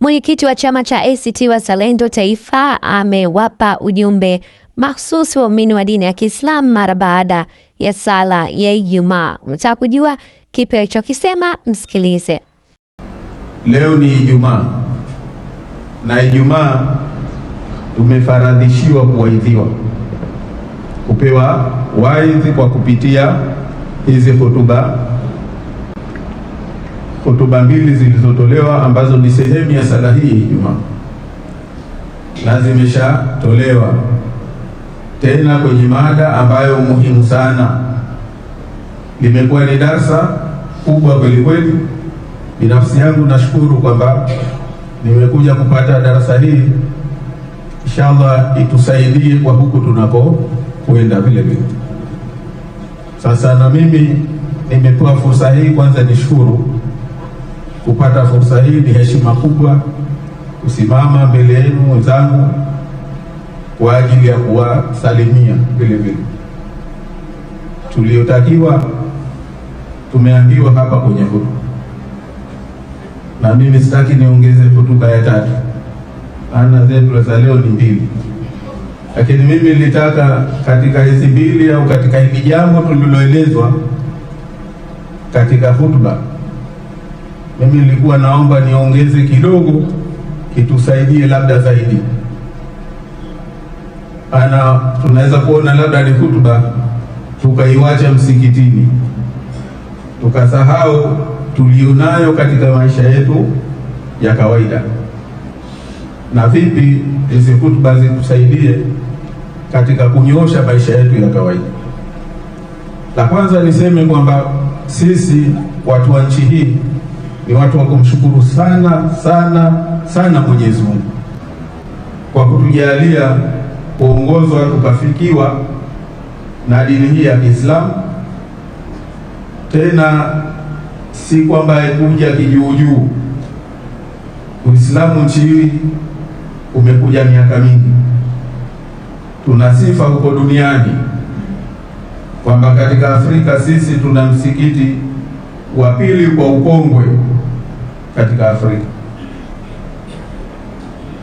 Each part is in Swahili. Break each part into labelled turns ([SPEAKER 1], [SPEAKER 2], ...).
[SPEAKER 1] Mwenyekiti wa chama cha ACT Wazalendo Taifa amewapa ujumbe mahsusi waumini wa dini ya Kiislamu mara baada ya sala ya Ijumaa. Unataka kujua kipi alichokisema? Msikilize.
[SPEAKER 2] Leo ni Ijumaa na Ijumaa tumefaradhishiwa kuwaidhiwa, kupewa waidhi kwa kupitia hizi hotuba hotuba mbili zilizotolewa ambazo ni sehemu ya sala hii Ijumaa na zimeshatolewa tena kwenye mada ambayo muhimu sana. Limekuwa ni darsa kubwa kweli kweli. Binafsi yangu nashukuru kwamba nimekuja kupata darasa hili, inshallah itusaidie kwa huku tunakokwenda. Vile vile sasa, na mimi nimepewa fursa hii, kwanza nishukuru Kupata fursa hii ni heshima kubwa, kusimama mbele yenu wenzangu, kwa ajili ya kuwasalimia. Vile vile tuliotakiwa tumeambiwa hapa kwenye hotuba, na mimi sitaki niongeze hotuba ya tatu, ana zetu za leo ni mbili, lakini mimi nilitaka katika hizi mbili au katika hili jambo tuliloelezwa katika hotuba mimi nilikuwa naomba niongeze kidogo kitusaidie labda zaidi. Ana tunaweza kuona labda ni hutuba tukaiwacha msikitini, tukasahau tulionayo katika maisha yetu ya kawaida, na vipi hizi hutuba zitusaidie katika kunyosha maisha yetu ya kawaida. La kwanza niseme kwamba sisi watu wa nchi hii ni watu wa kumshukuru sana sana sana Mwenyezi Mungu kwa kutujalia kuongozwa tukafikiwa na dini hii ya Kiislamu. Tena si kwamba ikuja kijuujuu. Uislamu nchi hii umekuja miaka mingi, tuna sifa huko duniani kwamba katika Afrika sisi tuna msikiti wa pili kwa ukongwe katika Afrika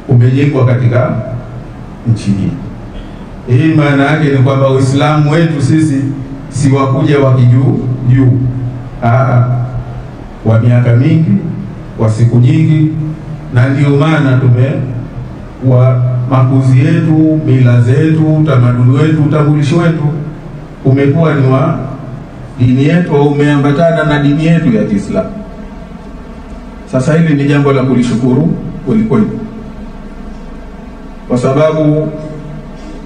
[SPEAKER 2] umejengwa katika nchi hii. Hii maana yake ni kwamba Uislamu wetu sisi si wakuja wa kijuu juu, wa miaka mingi, wa siku nyingi, na ndio maana tume wa makuzi yetu, mila zetu, tamaduni wetu, utambulisho wetu umekuwa ni wa dini yetu au umeambatana na dini yetu ya Kiislamu. Sasa hili ni jambo la kulishukuru kweli kweli, kwa sababu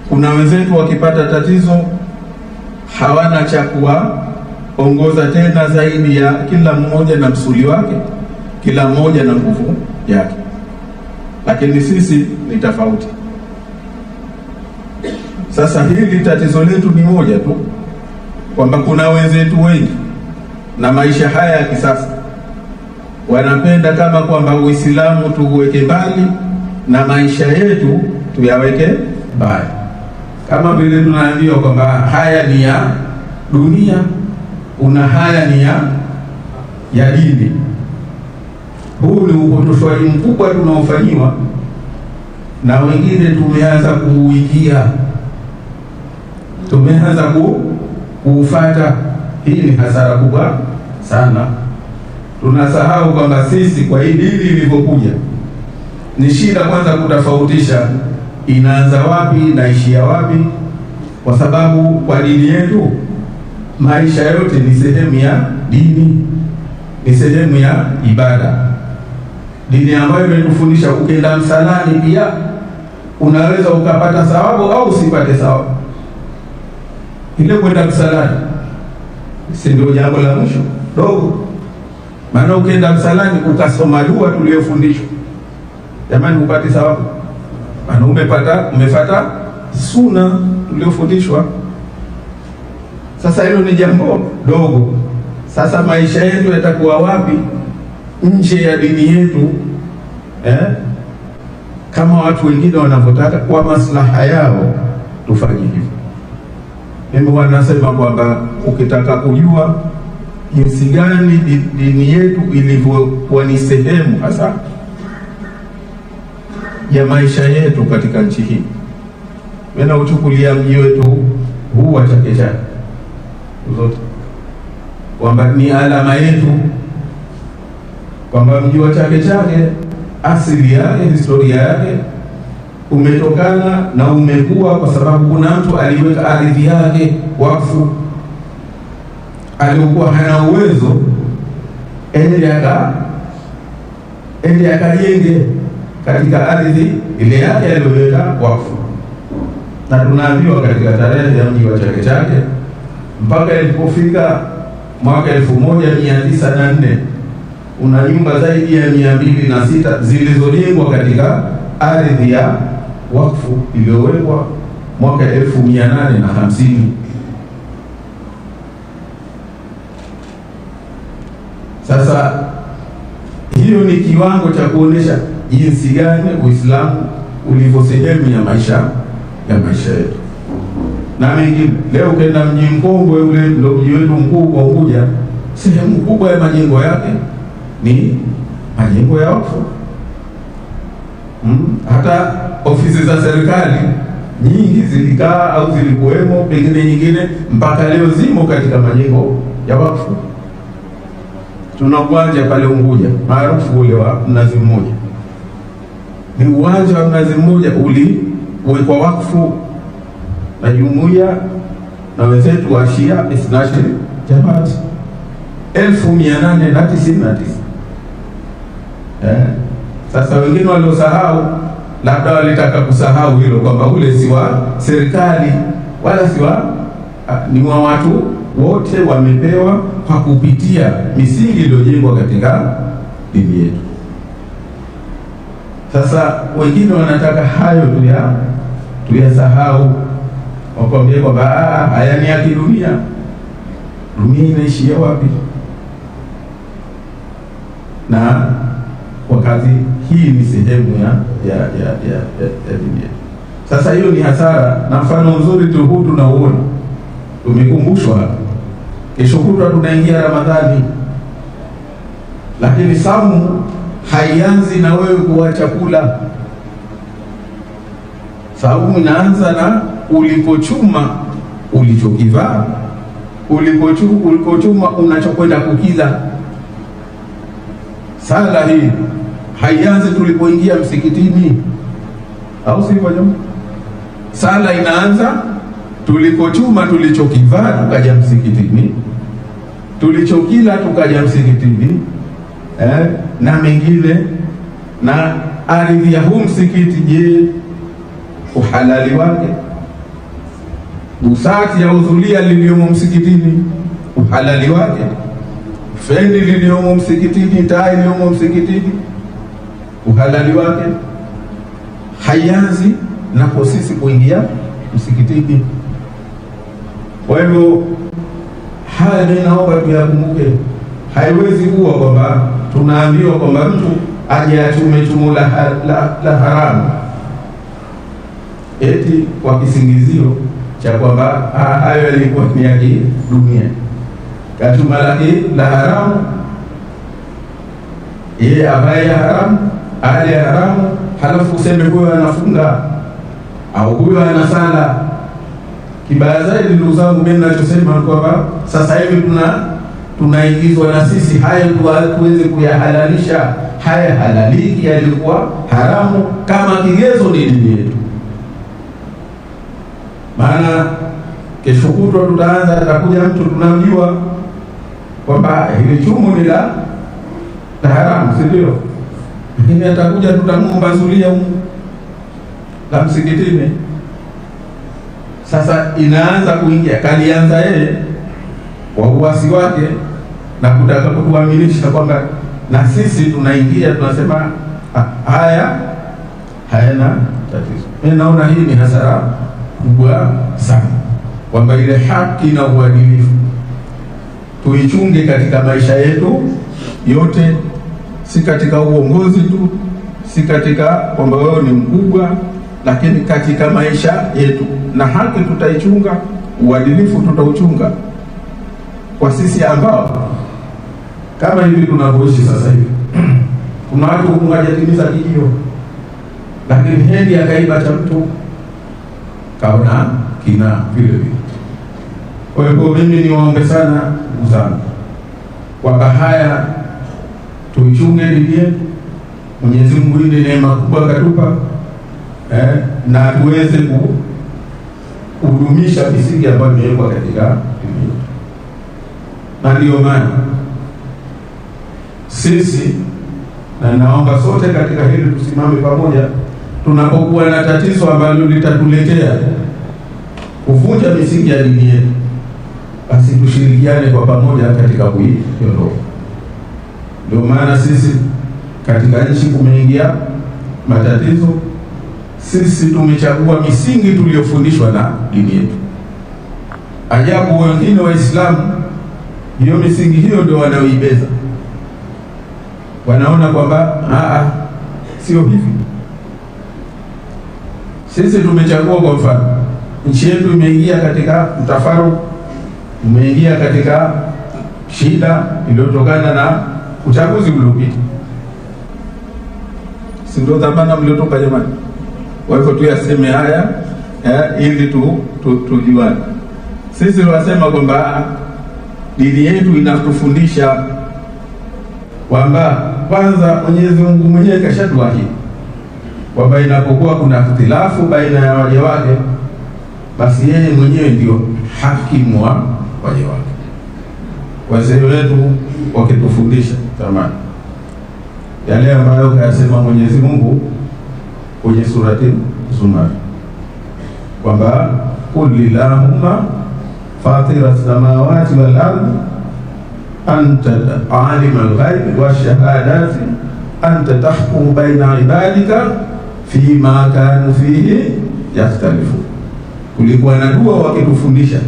[SPEAKER 2] kuna wenzetu wakipata tatizo hawana cha kuwaongoza tena zaidi ya kila mmoja na msuli wake, kila mmoja na nguvu yake, lakini sisi ni tofauti. Sasa hili tatizo letu ni moja tu, kwamba kuna wenzetu wengi na maisha haya ya kisasa wanapenda kama kwamba Uislamu tuuweke mbali na maisha yetu tuyaweke mbali, kama vile tunaambiwa kwamba haya ni ya dunia, una haya ni ya ya dini. Huu ni upotoshwaji mkubwa tunaofanyiwa na wengine, tumeanza kuuikia tumeanza kuufata. Hii ni hasara kubwa sana tunasahau kwamba sisi kwa hii dini ilivyokuja ni shida kwanza kutofautisha inaanza wapi na ishia wapi, kwa sababu kwa dini yetu maisha yote ni sehemu ya dini, ni sehemu ya ibada. Dini ambayo imetufundisha ukenda msalani pia unaweza ukapata thawabu au usipate thawabu. Ile kwenda msalani si ndio jambo la mwisho dogo maana ukienda msalani ukasoma dua tuliyofundishwa, jamani, upate thawabu. Maana umepata umefata suna tuliyofundishwa. Sasa hilo ni jambo dogo. Sasa maisha yetu yatakuwa wapi nje ya dini yetu eh? Kama watu wengine wanavyotaka kwa maslaha yao tufanye hivyo. Mimi wanasema kwamba ukitaka kujua jinsi gani dini yetu ilivyokuwa ni sehemu hasa ya maisha yetu katika nchi hii. uchukulia mji wetu huu wa Chake Chake zote kwamba ni alama yetu, kwamba mji wa Chake Chake asili yake, historia yake umetokana na umekuwa kwa sababu kuna mtu aliweka ardhi yake wakfu aliokuwa hana uwezo ende aka ende akajenge katika ardhi ile yake aliyoweka wakfu, na tunaambiwa katika tarehe ya mji wa Chake Chake mpaka ilipofika mwaka elfu moja mia tisa na nne una nyumba zaidi ya mia mbili na sita zilizojengwa katika ardhi ya wakfu iliyowekwa mwaka elfu mia nane na hamsini. Sasa hiyo ni kiwango cha kuonesha jinsi gani Uislamu ulivyo sehemu ya maisha ya maisha yetu na mengine. Leo ukaenda mji mkongwe ule, ndio mji wetu mkuu kwa Unguja, sehemu kubwa ya majengo yake ni majengo ya wakfu. Hmm. Hata ofisi za serikali nyingi zilikaa au zilikuwemo, pengine nyingine mpaka leo zimo katika majengo ya wakfu tuna uwanja pale Unguja maarufu ule wa Mnazi Mmoja. Ni uwanja wa Mnazi Mmoja uliwekwa wakfu na jumuiya na wenzetu wa Shia International Jamaat elfu mia nane na tisini na tisa. Eh, sasa wengine waliosahau labda walitaka kusahau hilo kwamba ule si wa serikali wala si wa, ah, ni wa watu wote wamepewa kwa kupitia misingi iliyojengwa katika dini yetu. Sasa wengine wanataka hayo tuya tuyasahau, wakwambia kwamba ah, haya ni ya kidunia. Dunia inaishia wapi? na wakati hii ni sehemu ya ya ya ya, ya, ya dini yetu. Sasa hiyo ni hasara, na mfano mzuri tu huu tunauona, tumekumbushwa Kesho kutwa tunaingia Ramadhani, lakini samu haianzi na wewe kuacha kula. Saumu inaanza na ulipochuma ulichokivaa, ulipochuma unachokwenda kukila. Sala hii haianzi tulipoingia msikitini, au sivyo? Sala inaanza tuliko chuma tulichokivaa tukaja msikitini, tulichokila tukaja msikitini eh, na mengine na ardhi ya huu msikiti. Je, uhalali wake, busati ya udhulia liliyomo msikitini, uhalali wake, feni liliyomo msikitini, taa iliyomo msikitini, uhalali wake, hayazi na sisi kuingia msikitini kwa hivyo haya ni naomba tuyakumbuke. Haiwezi kuwa kwamba tunaambiwa kwamba mtu aje achume chumo la, la, la haramu eti kwa kisingizio cha kwamba hayo yalikuwa ni ya kidunia. Kachuma la haramu, yeye avae ya haramu, ale ya haramu, halafu useme huyo anafunga au huyo anasala sala Kibaya zaidi ndugu zangu, mimi ninachosema ni kwamba sasa hivi tuna tunaingizwa na sisi haya tuweze kuyahalalisha haya halaliki yalikuwa haramu, kama kigezo ni dini yetu. Maana kesho kutwa tutaanza, atakuja mtu tunamjua kwamba hili chumu ni la haramu, si ndio? Lakini atakuja tutamumba zulia la msikitini sasa inaanza kuingia, kalianza yeye kwa uasi wake na kutaka kutuaminisha kwamba na sisi tunaingia, tunasema ah, haya hayana tatizo. Mimi naona hii ni hasara kubwa sana, kwamba ile haki na uadilifu tuichunge katika maisha yetu yote, si katika uongozi tu, si katika kwamba wewe ni mkubwa lakini katika maisha yetu, na haki tutaichunga, uadilifu tutauchunga kwa sisi ambao kama hivi tunavyoishi sasa hivi kuna watu Mungu hajatimiza kilio, lakini hendi akaiba cha mtu kaona kina vile vile. Kwa hivyo mimi niwaombe sana ndugu zangu, kwamba haya tuichunge dini yetu. Mwenyezi Mungu ni neema kubwa katupa eh, na tuweze kuhudumisha misingi ambayo imewekwa katika na ndiyo maana sisi na naomba sote katika hili tusimame pamoja, tunapokuwa na tatizo ambalo litatuletea kuvunja misingi ya dini yetu, basi tushirikiane kwa pamoja katika kuiondoa. Ndio maana sisi katika nchi kumeingia matatizo sisi tumechagua misingi tuliyofundishwa na dini yetu. Ajabu, wengine Waislamu hiyo misingi hiyo ndio wanaoibeza, wanaona kwamba a, sio hivi. Sisi tumechagua, kwa mfano, nchi yetu imeingia katika mtafaruku, umeingia katika shida iliyotokana na uchaguzi uliopita, si ndio? Dhamana mliotoka jamani kwa hivyo tuyaseme haya eh, ili tu, tu, tujuane. Sisi tunasema kwamba dini yetu inatufundisha kwamba kwanza Mwenyezi Mungu mwenyewe kashatuahidi kwamba inapokuwa kuna ikhtilafu baina ya waja wake, basi yeye mwenyewe ndio hakimu wa waja wake. Wazee wetu wakitufundisha zamani yale ambayo kayasema Mwenyezi Mungu kwenye surati Zumar kwamba qul lillahumma fatira samawati wal ardi anta alimul wa washahadati anta tahkumu baina ibadika fima kanu fihi yakhtalifu. Kulikuwa na dua wakitufundisha,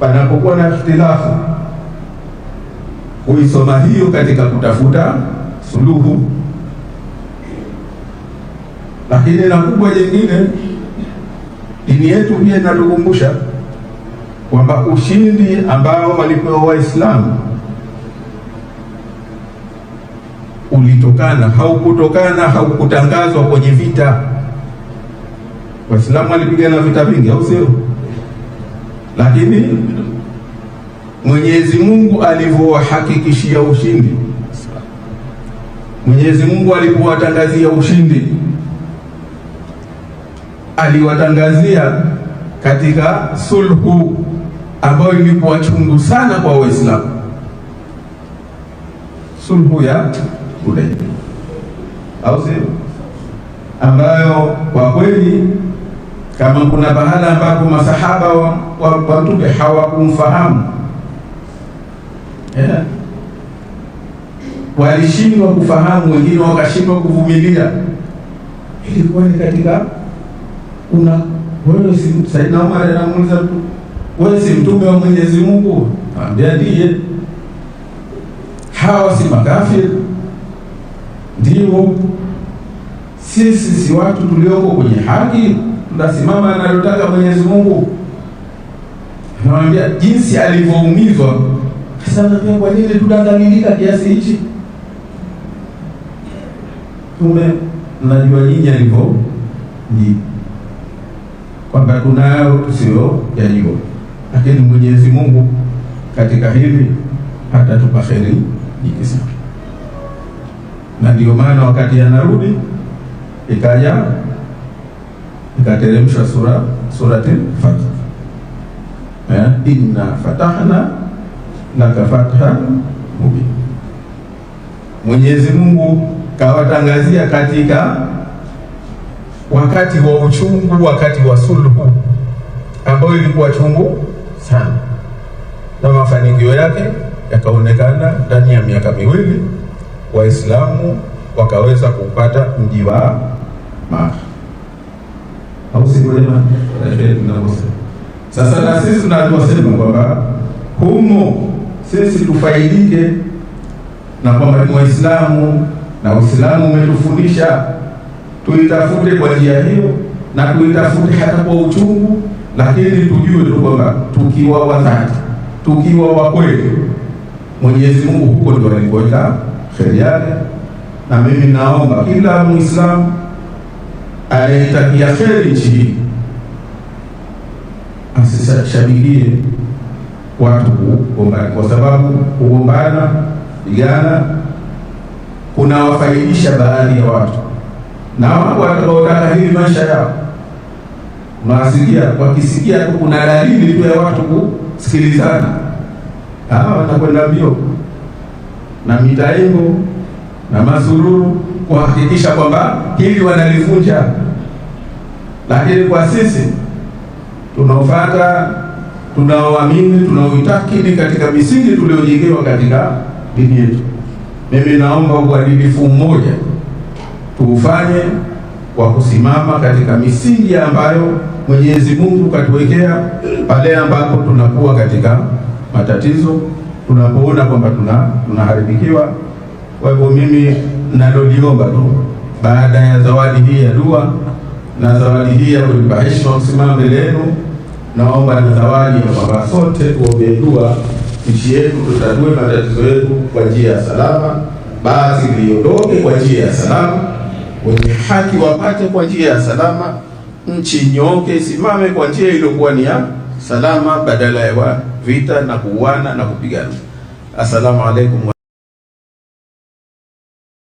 [SPEAKER 2] panapokuwa na ikhtilafu kuisoma hiyo katika kutafuta suluhu lakini na kubwa jingine, dini yetu pia inatukumbusha kwamba ushindi ambao walipewa Waislamu ulitokana, haukutokana, haukutangazwa kwenye vita. Waislamu walipigana vita vingi, au sio? Lakini Mwenyezi Mungu alivyowahakikishia ushindi, Mwenyezi Mungu alipowatangazia ushindi aliwatangazia katika sulhu ambayo ilikuwa chungu sana kwa Waislamu, sulhu ya Hudaybiya, au sio? Ambayo kwa kweli kama kuna bahala ambapo masahaba wa, wa, wa Mtume hawakumfahamu yeah. Walishindwa kufahamu, wengine wakashindwa kuvumilia, ilikuwa ni katika una wewe si Saidna Umar anamuuliza tu, wewe si mtume wa Mwenyezi Mungu? Anambia ndiye. Hawa si makafir? Ndio. Sisi si watu tulioko kwenye haki, tunasimama analotaka Mwenyezi Mungu. Anamwambia jinsi alivyoumizwa. Sasa anambia kwa nini tudanganyika kiasi hichi? Tume mnajua nyinyi alivyo ndio kwamba tunayo tusiyoyajua, lakini Mwenyezi Mungu katika hili hatatupa kheri nyingi sana, na ndio maana wakati anarudi ikaja ikateremshwa sura surati Fath eh, inna fatahna laka fatha mubin. Mwenyezi Mungu kawatangazia katika wakati wa uchungu, wakati wa sulhu ambayo ilikuwa chungu sana, na mafanikio yake yakaonekana ndani ya miaka miwili, Waislamu wakaweza kupata mji wa Maka. Sasa na sisi tunasema kwamba humo sisi tufaidike na kwamba ni Waislamu na Uislamu umetufundisha tuitafute kwa njia hiyo na tuitafute hata kwa uchungu, lakini tujue tu kwamba tukiwa wadhati, tukiwa wa kweli, Mwenyezi Mungu huko ndio alipoweka kheri yake. Na mimi naomba kila Muislamu anayetakia kheri nchi hii asishabikie watu kugombana, kwa sababu kugombana, pigana kunawafaidisha baadhi ya watu na wao watakaotaka hili maisha yao, unawasikia wakisikia tu kuna dalili tu ya watu kusikilizana, hawa watakwenda mbio na mitaimbo na masururu kuhakikisha kwamba hili wanalivunja. Lakini kwa sisi tunaofata, tunaoamini, tunaoitakidi katika misingi tuliojengewa katika dini yetu, mimi naomba uadilifu mmoja tuufanye kwa kusimama katika misingi ambayo Mwenyezi Mungu katuwekea, pale ambapo tunakuwa katika matatizo, tunapoona kwamba tuna tunaharibikiwa. Kwa hivyo mimi naloliomba tu baada ya zawadi hii ya dua na zawadi hii ya kulipa heshima kusimama mbele yenu, naomba na zawadi ya kwamba sote tuombee dua nchi yetu, tutatue matatizo yetu kwa njia ya salama, basi liondoke kwa njia ya salama wenye haki wapate kwa njia ya salama, nchi nyooke, isimame kwa njia iliyokuwa ni ya salama, badala ya vita na kuuana na kupigana. Assalamu alaikum.